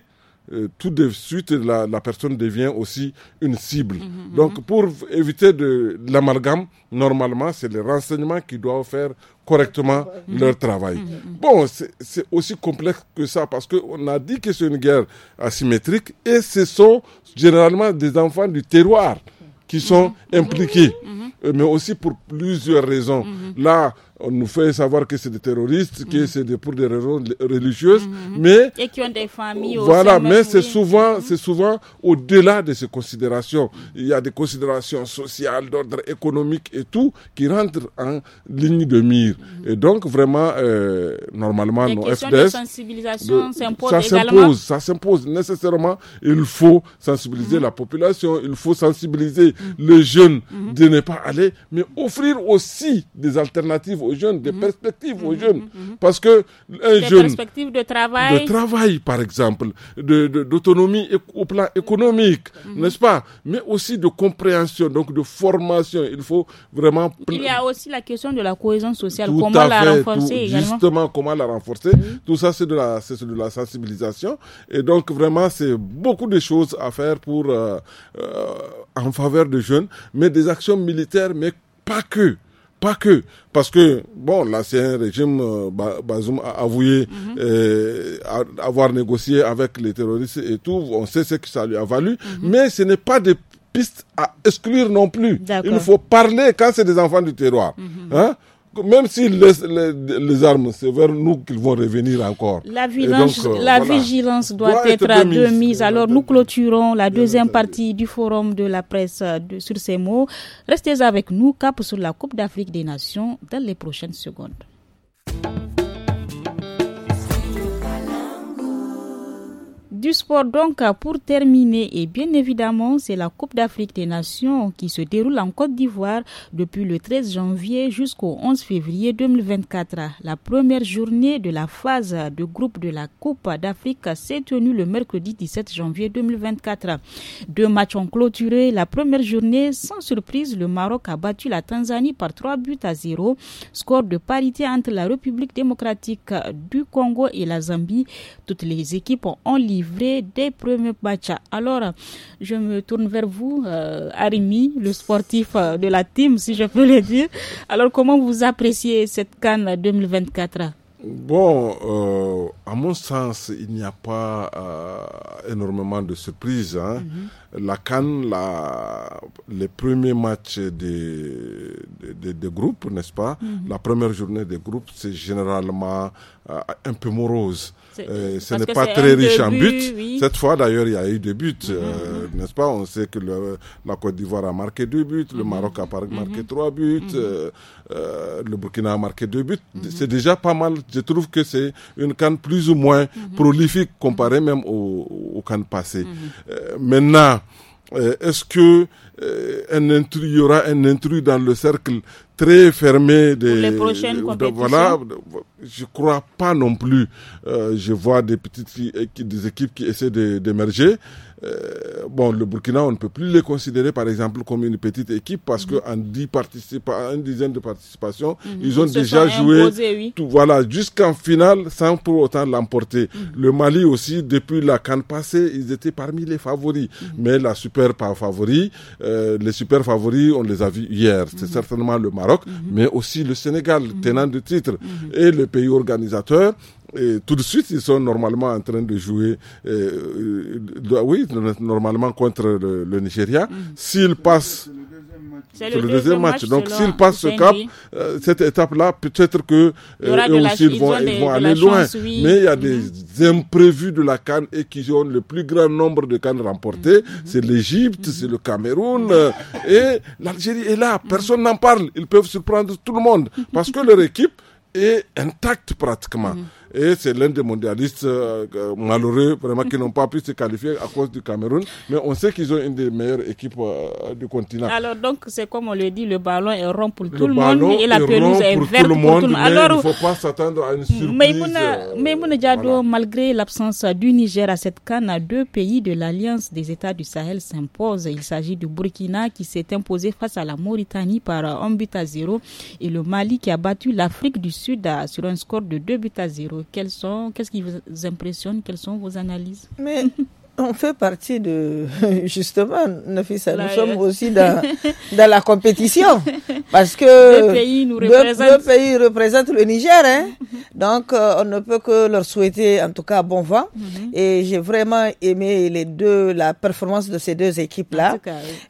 [SPEAKER 3] euh, tout de suite la, la, personne devient aussi une cible. Mhm, mhm. Donc pour éviter de l'amalgame, normalement c'est les renseignements qui doivent faire correctement leur mm-hmm. travail. Mm-hmm. Mm-hmm. Bon, c'est aussi complexe que ça parce qu'on a dit que c'est une guerre asymétrique et ce sont généralement des enfants du terroir qui sont impliqués, euh, mais aussi pour plusieurs raisons. Là, on nous fait savoir que c'est des terroristes, que mhm. c'est des, pour des raisons religieuses,
[SPEAKER 1] mhm. mais et qui ont des familles. Voilà, mais
[SPEAKER 3] c'est souvent, c'est souvent au-delà de ces considérations. Il y a des considérations sociales, d'ordre économique et tout qui rentrent en ligne de mire. Mhm. Et donc vraiment, euh, normalement, nos FDS, de
[SPEAKER 1] sensibilisation ça s'impose,
[SPEAKER 3] ça s'impose nécessairement. Il faut sensibiliser la population, il faut sensibiliser les jeunes de ne pas aller, mais offrir aussi des alternatives aux jeunes, des mhm. perspectives aux mhm, jeunes. Mhm, Parce que un des
[SPEAKER 1] perspectives de travail. De
[SPEAKER 3] travail, par exemple, d'autonomie de, au plan économique, n'est-ce pas Mais aussi de compréhension, donc de formation. Il faut vraiment. Il y
[SPEAKER 1] a aussi la question de la cohésion sociale. comment la renforcer Justement,
[SPEAKER 3] comment la renforcer Tout ça, c'est de, la, de la sensibilisation. Et donc, vraiment, c'est beaucoup de choses à faire pour, euh, euh, en faveur des jeunes, mais des actions militaires, mais pas que. Pas que, parce que, bon, là, c'est un régime, euh, Bazoum a avoué mhm. euh, avoir négocié avec les terroristes et tout, on sait ce que ça lui a valu, mhm. mais ce n'est pas des pistes à exclure non plus. Il faut parler quand c'est des enfants du terroir. Mhm. hein? même si les, armes, c'est vers nous qu'ils vont revenir encore. La, euh, vigilance, doit, être, à deux
[SPEAKER 1] Alors nous clôturons la deuxième partie du forum de la presse euh, sur ces mots. Restez avec nous, cap sur la Coupe d'Afrique des Nations dans les prochaines secondes. Du sport donc pour terminer et bien évidemment c'est la Coupe d'Afrique des Nations qui se déroule en Côte d'Ivoire depuis le 13 janvier jusqu'au 11 février 2024. La première journée de la phase de groupe de la Coupe d'Afrique s'est tenue le mercredi 17 janvier 2024. Deux matchs ont clôturé la première journée sans surprise le Maroc a battu la Tanzanie par 3 buts à 0, score de parité entre la République démocratique du Congo et la Zambie. Toutes les équipes ont livré des premiers matchs. Alors, je me tourne vers vous, euh, Arimi, le sportif euh, de la team, si je peux le dire. Alors, comment vous appréciez cette canne 2024
[SPEAKER 3] Bon, euh, à mon sens, il n'y a pas euh, énormément de surprises. Hein. Mhm. La Cannes, les premiers matchs des, groupes, n'est-ce pas mhm. La première journée des groupes, c'est généralement un peu morose.
[SPEAKER 1] Euh, ce n'est pas très riche en buts. Cette
[SPEAKER 3] fois, d'ailleurs, il y a eu des buts, mm-hmm. euh, n'est-ce pas On sait que le, la Côte d'Ivoire a marqué deux buts, le mm-hmm. Maroc a marqué mm-hmm. trois buts, euh, le Burkina a marqué deux buts. C'est déjà pas mal. Je trouve que c'est une canne plus ou moins prolifique comparée même aux, can cannes passées. maintenant, est-ce que un il y aura un intrus dans le cercle très fermé. Des, prochaines voilà, je crois pas non plus. Euh, je vois des petites des équipes qui essaient d'émerger. Euh, bon, le Burkina, on ne peut plus les considérer, par exemple, comme une petite équipe parce mmh. qu'en dix participants, une dizaine de participations, mhm. ils ont déjà joué. tout, voilà, jusqu'en finale sans pour autant l'emporter. Mhm. Le Mali aussi, depuis la canne passée, ils étaient parmi les favoris. Mhm. Mais la super favori, euh, les super favoris, on les a vus hier. C'est certainement le Maroc Mhm. mais aussi le Sénégal, mhm. tenant de titre, mhm. et le pays organisateur, tout de suite, ils sont normalement en train de jouer, euh, euh oui, normalement contre le, Nigeria. Mhm. S'ils passent c'est le, deuxième match. Donc, s'ils passent ce cap, euh, cette étape-là, peut-être que euh, eux aussi, vont, aller loin. Mais il y a des mhm. imprévus de la Cannes et qui ont le plus grand nombre de Cannes remportées. Mhm. C'est l'Égypte, c'est le Cameroun. et l'Algérie est là. Personne n'en parle. Ils peuvent surprendre tout le monde parce que leur équipe est intacte pratiquement. Et c'est l'un des mondialistes euh, malheureux, vraiment, qui n'ont pas pu se qualifier à cause du Cameroun. Mais on sait qu'ils ont une des meilleures équipes euh, du continent. Alors,
[SPEAKER 1] donc, c'est comme on le dit, le ballon est rond pour tout le monde et la pelouse est verte pour tout le monde. il ne faut pas
[SPEAKER 3] s'attendre à une surprise.
[SPEAKER 1] Mais Mouna euh, malgré l'absence du Niger à cette canne, deux pays de l'Alliance des États du Sahel s'imposent. Il s'agit du Burkina qui s'est imposé face à la Mauritanie par un but à 0 et le Mali qui a battu l'Afrique du Sud sur un score de 2 buts à zéro quels sont, qu'est-ce qui vous impressionne, quelles sont vos analyses
[SPEAKER 2] on fait partie de justement Nafisa, nous sommes aussi dans, dans la compétition parce que Le pays nous représentent, le Niger hein. donc euh, on ne peut que leur souhaiter en tout cas bon vent mhm. et j'ai vraiment aimé les deux la performance de ces deux équipes là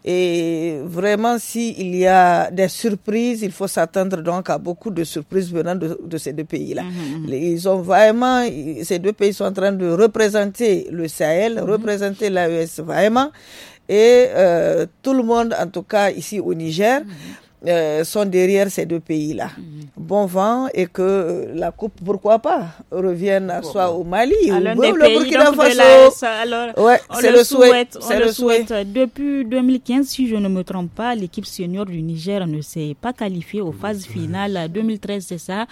[SPEAKER 2] et vraiment s'il y a des surprises il faut s'attendre donc à beaucoup de surprises venant de, ces deux pays là mhm, mhm. ils ont vraiment ces deux pays sont en train de représenter le Sahel représenter l'AES vraiment. Et euh, tout le monde, en tout cas ici au Niger, mhm. euh, sont derrière ces deux pays-là. Mhm. Bon vent et que euh, la coupe, pourquoi pas, revienne soit au Mali ou au Burkina Faso. c'est le, souhait. le, souhaite.
[SPEAKER 1] Depuis 2015, si je ne me trompe pas, l'équipe senior du Niger ne s'est pas qualifiée aux phases mhm. finales 2013, c'est ça,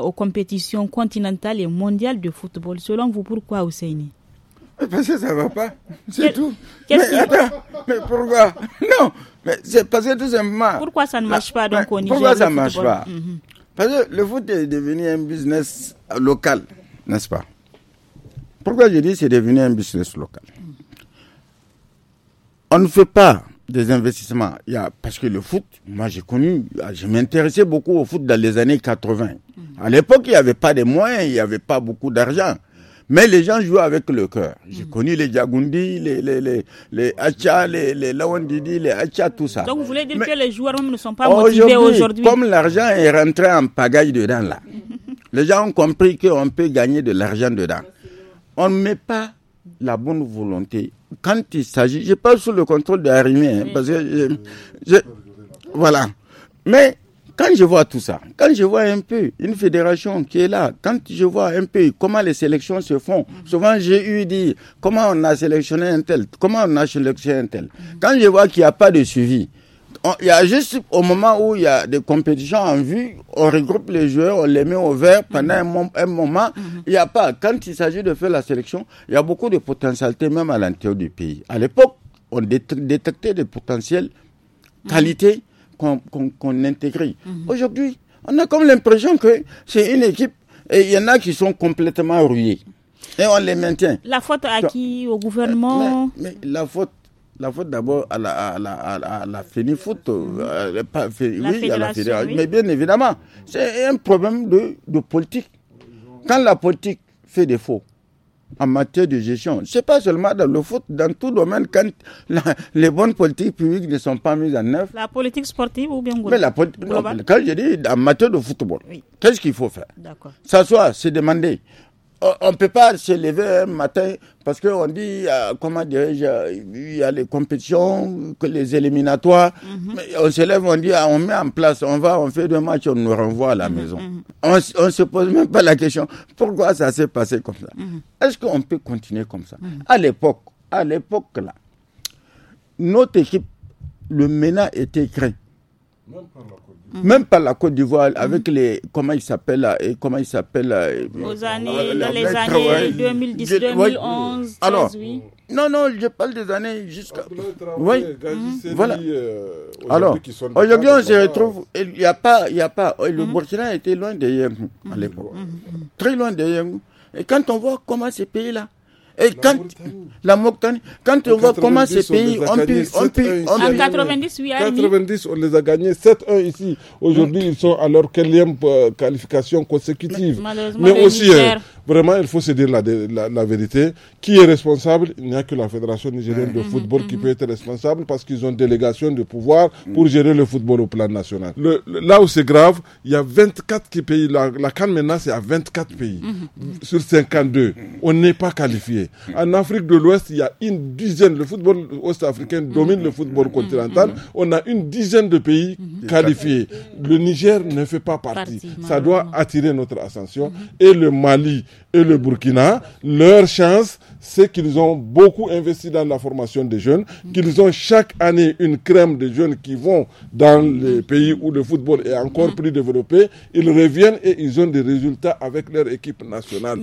[SPEAKER 1] aux compétitions continentales et mondiales de football. Selon vous, pourquoi, Ousseini parce que ça va pas, c'est tout. Mais attends, mais pourquoi Non, mais c'est parce que tout simplement. Pourquoi ça ne marche pas donc au Niger Pourquoi ça ne marche pas mhm.
[SPEAKER 4] Parce que le foot est devenu un business local, n'est-ce pas Pourquoi je dis c'est devenu un business local On ne fait pas des investissements. Il y a, parce que le foot, moi j'ai connu, je m'intéressais beaucoup au foot dans les années 80. Mhm. À l'époque, il n'y avait pas de moyens, il n'y avait pas beaucoup d'argent. Mais les gens jouent avec le cœur. Mm. J'ai connu les jagundi, les, les, les, les les, les Lawandidi, les Hacha, tout ça. Donc
[SPEAKER 1] vous voulez dire que les joueurs ne sont pas motivés aujourd'hui Comme
[SPEAKER 4] l'argent est rentré en pagaille dedans là, les gens ont compris qu'on peut gagner de l'argent dedans. On ne met pas la bonne volonté. Quand il s'agit, je parle sous le contrôle de Harimé, hein, parce que voilà. Mais quand je vois tout ça, quand je vois un peu une fédération qui est là, quand je vois un peu comment les sélections se font, mm. souvent j'ai eu dit comment on a sélectionné un tel, comment on a sélectionné un tel. Quand je vois qu'il n'y a pas de suivi, il y a juste au moment où il y a des compétitions en vue, on regroupe les joueurs, on les met au vert pendant un, moment. Mm-hmm. Il a pas. Quand il s'agit de faire la sélection, il y a beaucoup de potentialités même à l'intérieur du pays. À l'époque, on détectait des potentiels qualités. Mm-hmm qu'on qu mhm. Aujourd'hui, on a comme l'impression que c'est une équipe et il y en a qui sont complètement rouillés. Et on les maintient.
[SPEAKER 1] La faute à qui Au gouvernement
[SPEAKER 4] mais, la faute la faute d'abord à la, à la, à la, euh, oui, à la fédération, mais bien évidemment, c'est un problème de, de, politique. Quand la politique fait défaut, en matière de gestion. C'est pas seulement dans le foot, dans tout domaine, quand les bonnes politiques publiques ne sont pas mises en œuvre.
[SPEAKER 1] La politique sportive ou bien globale quand je dis
[SPEAKER 4] en matière de football, qu'est-ce qu'il faut faire S'asseoir, se demander on ne peut pas se lever un matin parce qu'on dit, euh, comment dirais-je, euh, il y a les compétitions, les éliminatoires. Mhm. on se lève, on dit, ah, on met en place, on va, on fait deux matchs, on nous renvoie à la mhm, maison. Mhm. On ne se pose même pas la question, pourquoi ça s'est passé comme ça Est-ce qu'on peut continuer comme ça À l'époque, à l'époque là, notre équipe, le MENA était créé. Même par la Mhm. Même par la Côte d'Ivoire, avec mhm. les. Comment il s'appelle euh, Comment il s'appelle euh,
[SPEAKER 1] euh, dans les années
[SPEAKER 4] 2010, 2011. Alors. Non, non, je parle des années jusqu'à. Oui,
[SPEAKER 3] mhm. voilà. Alors, aujourd'hui, on se retrouve.
[SPEAKER 4] Il n'y a pas. Il y a pas le Burkina était loin de Yengou à l'époque. Très loin de Yengou. Et quand on voit comment
[SPEAKER 3] ces pays-là et quand, la quand on voit comment ces pays ont pu. en 90, on les a gagnés 7-1 ici. Aujourd'hui, ils sont à leur quatrième euh, qualification consécutive. Mais, aussi, hein, vraiment, il faut se dire la, vérité. Qui est responsable Il n'y a que la Fédération nigérienne de mhm, football qui mhm. peut être responsable parce qu'ils ont délégation de pouvoir pour gérer le football au plan national. là où c'est grave, il y a 24 pays. La, la Cannes maintenant, c'est à 24 pays. Mhm. Sur 52. On n'est pas qualifié. En Afrique de l'Ouest, il y a une dizaine, le football ouest-africain domine le football continental. Mhm. On a une dizaine de pays mhm. Mhm. qualifiés. Le Niger ne fait pas partie. Ça doit attirer notre ascension. Et le Mali, et le Burkina, leur chance, c'est qu'ils ont beaucoup investi dans la formation des jeunes, qu'ils ont chaque année une crème de jeunes qui vont dans les pays où le football est encore mm-hmm. plus développé. Ils reviennent et ils ont des résultats avec leur équipe nationale.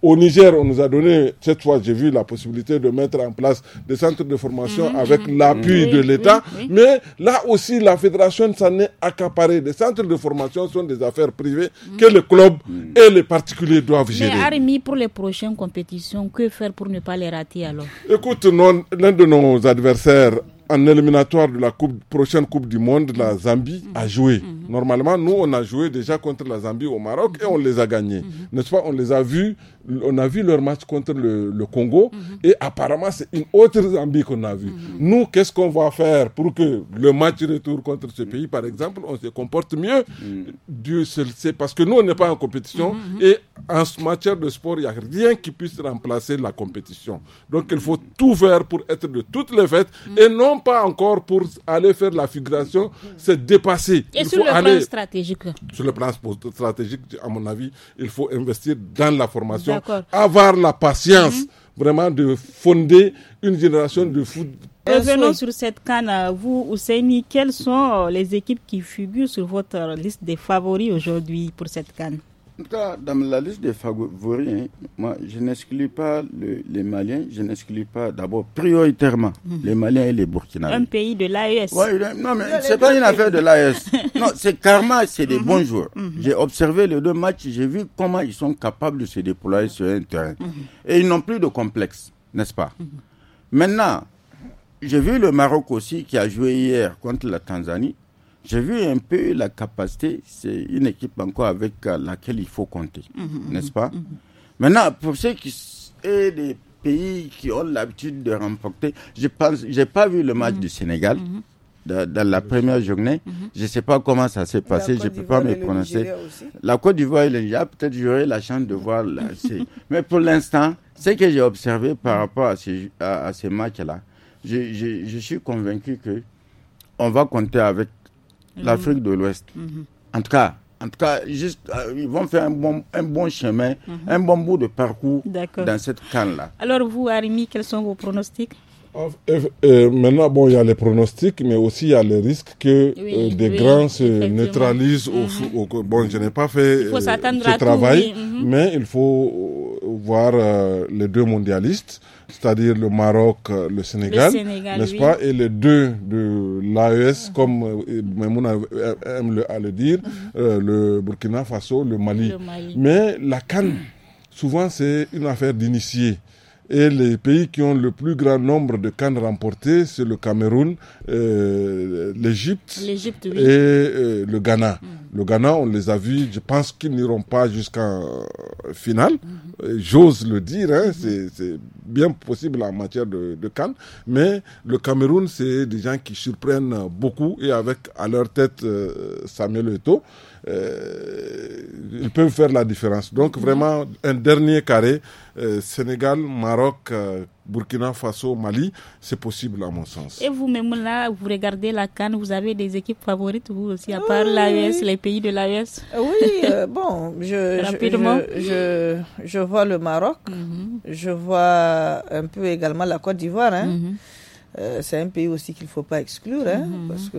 [SPEAKER 3] Au Niger, on nous a donné, cette fois j'ai vu la possibilité de mettre en place des centres de formation mm-hmm. avec l'appui de l'État. Mais là aussi, la fédération s'en est accaparée. Les centres de formation sont des affaires privées mm-hmm. que le club et les particuliers doivent gérer
[SPEAKER 1] pour les prochaines compétitions, que faire pour ne pas les rater alors
[SPEAKER 3] Écoute, l'un de nos adversaires en éliminatoire de la prochaine Coupe du Monde, la Zambie a joué. Mhm. Normalement, nous, on a joué déjà contre la Zambie au Maroc et on les a gagnés. Mhm. Mhm. N'est-ce pas On les a vus, on a vu leur match contre le, Congo et apparemment, c'est une autre Zambie qu'on a vue. Nous, qu'est-ce qu'on va faire pour que le match retour contre ce pays, par exemple, on se comporte mieux Dieu seul sait, parce que nous, on n'est pas en compétition et en matière de sport, il n'y a rien qui puisse remplacer la compétition. Donc, il faut tout faire pour être de toutes les fêtes et non pas encore pour aller faire la figuration, c'est dépasser. Et sur le plan
[SPEAKER 1] stratégique Sur
[SPEAKER 3] le plan stratégique, à mon avis, il faut investir dans la formation, avoir la patience. Mhm. vraiment de fonder une génération de foot. Revenons sur
[SPEAKER 1] cette canne. Vous, Ousseini, quelles sont euh, les équipes qui figurent sur votre liste des favoris aujourd'hui pour cette canne
[SPEAKER 4] en dans la liste des favoris, hein, moi, je n'exclus pas les Maliens, je n'exclus pas d'abord prioritairement mhm. les Maliens et les Burkinabés. Un
[SPEAKER 1] pays de l'AES. E non, mais c'est pas une
[SPEAKER 4] affaire de l'AES. non, c'est karma, c'est des mhm. bons joueurs. Mhm. J'ai observé les deux matchs, j'ai vu comment ils sont capables de se déployer sur un terrain. Et ils n'ont plus de complexe, n'est-ce pas Maintenant, j'ai vu le Maroc aussi qui a joué hier contre la Tanzanie. J'ai vu un peu la capacité. C'est une équipe encore avec euh, laquelle il faut compter, mhm, mhm, mhm, n'est-ce pas Maintenant, pour ceux qui sont des pays qui ont l'habitude de remporter, je pense, j'ai pas vu le match du Sénégal. Dans, la première journée. Je ne sais pas comment ça s'est passé, je ne peux pas me prononcer. La Côte d'Ivoire et le peut-être j'aurai la chance de voir. Mais pour l'instant, ce que j'ai observé par rapport à ces, matchs-là, je, je, suis convaincu que on va compter avec l'Afrique de l'Ouest. Mhm. En tout cas, en tout cas, juste, euh, ils vont faire un bon, un bon chemin, mhm. un bon bout de parcours dans cette canne-là.
[SPEAKER 1] Alors, vous, Arimi, quels sont vos pronostics
[SPEAKER 3] euh, maintenant, bon, il y a les pronostics, mais aussi il y a le risque que euh, des grands se neutralisent. Mhm. bon, je n'ai pas fait euh, ce travail, mhm. mais il faut voir les deux mondialistes, c'est-à-dire le Maroc, le Sénégal, n'est-ce pas, et les deux de l'AES, comme Memouna aime le, à le dire, mhm. le Burkina Faso, le Mali. Mais la CAN, souvent, c'est une affaire d'initiés. Et les pays qui ont le plus grand nombre de cannes remportées, c'est le Cameroun, euh, l'Égypte et euh, le Ghana. Mm. Le Ghana, on les a vus, je pense qu'ils n'iront pas jusqu'en euh, finale. Mhm. J'ose le dire, hein, c'est bien possible en matière de, de Cannes. Mais le Cameroun, c'est des gens qui surprennent beaucoup et avec à leur tête euh, Samuel Eto'o. Euh, ils peuvent faire la différence. Donc mhm. vraiment, un dernier carré, Sénégal, Maroc, Burkina Faso, Mali, c'est possible à mon sens. Et
[SPEAKER 1] vous-même là, vous regardez la Cannes, vous avez des équipes favorites vous aussi, à part l'AES, les pays de l'AES Oui, euh, bon, je,
[SPEAKER 2] Je, vois le Maroc, mhm. je vois un peu également la Côte d'Ivoire. Hein. Mhm. Euh, c'est un pays aussi qu'il ne faut pas exclure, hein, mhm. parce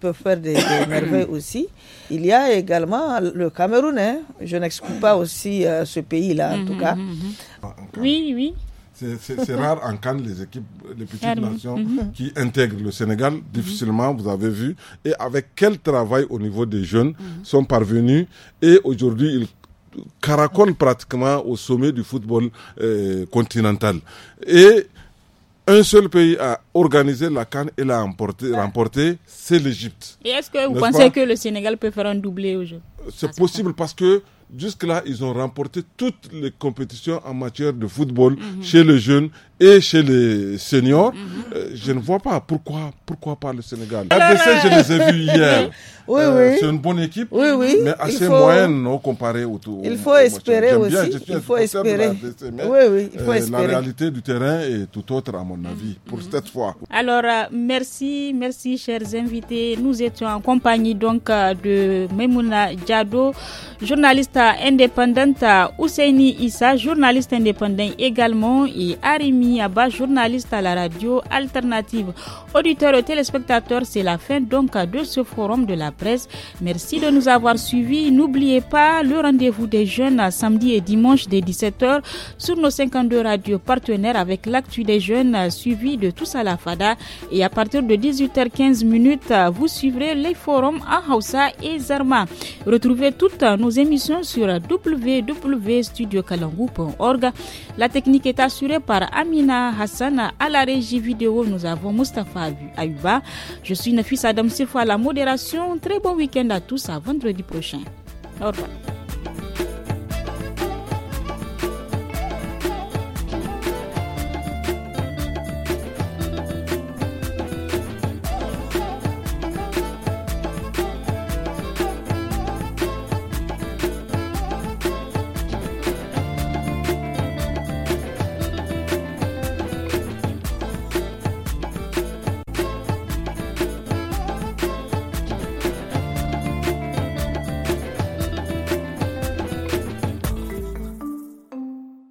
[SPEAKER 2] peuvent faire des, merveilles aussi. Il y a également le Cameroun, hein. je n'exclus pas aussi euh, ce pays-là en tout cas.
[SPEAKER 1] Oui, oui.
[SPEAKER 3] C'est rare en Cannes les équipes, les petites nations mhm. qui intègrent le Sénégal. Mhm. Difficilement, vous avez vu. Et avec quel travail au niveau des jeunes mhm. sont parvenus. Et aujourd'hui, ils caracolent pratiquement au sommet du football euh, continental. Et un seul pays a organisé la Cannes et l'a ah. remporté, c'est l'Égypte. Et est-ce que vous pensez
[SPEAKER 1] que le Sénégal peut faire un doublé aujourd'hui
[SPEAKER 3] C'est possible parce que Jusque-là, ils ont remporté toutes les compétitions en matière de football chez les jeunes et chez les seniors, mhm. euh, je ne vois pas pourquoi, pourquoi pas le Sénégal. RDC, ah je les ai vus hier. Oui, oui. Euh, c'est une bonne équipe, mais assez moyenne au comparé au Il faut espérer
[SPEAKER 1] aussi. il faut euh, espérer. La
[SPEAKER 3] réalité du terrain est tout autre, à mon avis, pour mhm. cette fois.
[SPEAKER 1] Alors, merci, merci, chers invités. Nous étions en compagnie donc de Memouna Diado, journaliste indépendante, Ousseini Issa, journaliste indépendant également, et Arimi journaliste à la radio alternative. Auditeurs et téléspectateurs, c'est la fin donc de ce forum de la presse. Merci de nous avoir suivis. N'oubliez pas le rendez-vous des jeunes samedi et dimanche dès 17h sur nos 52 radios partenaires avec l'actu des jeunes suivi de tous à la FADA. Et à partir de 18h15 minutes, vous suivrez les forums à Hausa et Zarma. Retrouvez toutes nos émissions sur www.studiokalangu.org. La technique est assurée par Ami Amina Hassan. À la régie vidéo, nous avons Mustapha Ayuba. Je suis Nafis Adam Sirfo à la modération. Très bon week-end à tous. À vendredi prochain. Au revoir.